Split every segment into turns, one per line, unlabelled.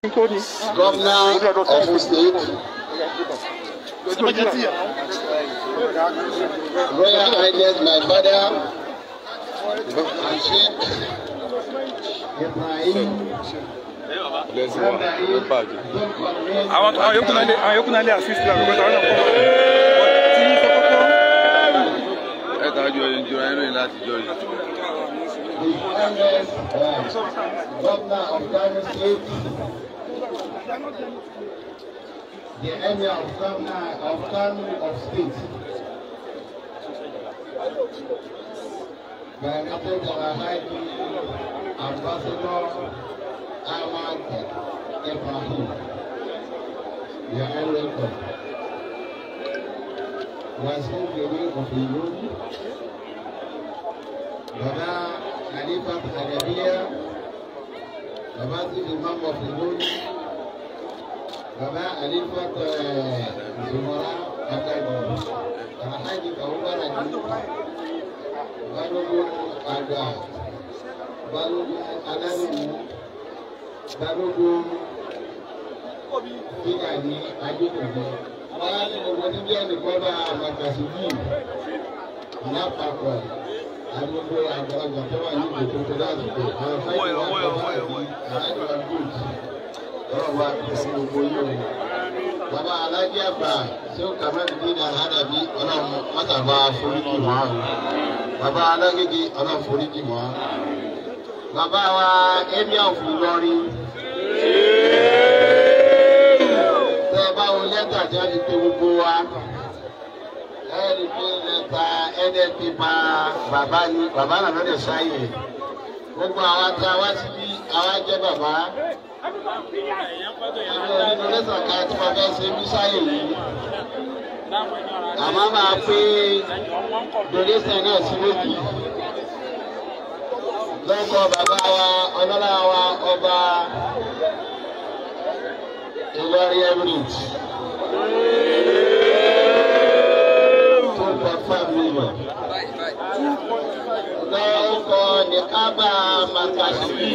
Governor of State, Royal Highness, my father, àwọn àwọn governor of Kano State the emir of Kano of Kano of state. Directed our high ambassador Ahmad Ibrahim. You are all welcome. Was home the way of the room. Baba Khalifa Hadabiya, Baba the Imam of the room baba alifat zumara atadu kama haji kaubara barugu ada barugu alalugu barugu fílàní adékòjọ wọn á ní gbogbo níbi ẹnìkan bá àmàkàsí yìí lápapọ̀ àgbogbo àgbàlagbà tó wà ní ìgbèkùn ọlọ́run wa kò sí gbogbo yìí o. bàbá alájí àgbà tí ó kàmẹ́ bí ní àdàbí ọlọ́run mọ́tàbá foríjì wọ́n o. bàbá alágége ọlọ́run foríjì wọ́n. bàbá wa emir of Ìlọrin. tẹ́ ẹ bá wo lẹ́tà tí wọ́n ti pe gbogbo wa ẹni pé lẹ́tà ẹni ti pa bàbá yìí bàbá náà lọ́dẹ̀ sáyè gbogbo àwa tá a wá síbí àwa jẹ́ bàbá lẹ́sà ká tí wọ́n fẹ́ ṣe mísáyì àmọ́ máa pé donation náà sí méjì lọ́kọ̀ bàbá wa ọlọ́lá wa ọba Ìlọrin emirate tó pàpà mílíọ̀n lọ́kọ̀ ní kábà màkàsílì.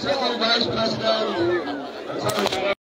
São mais para a cidade.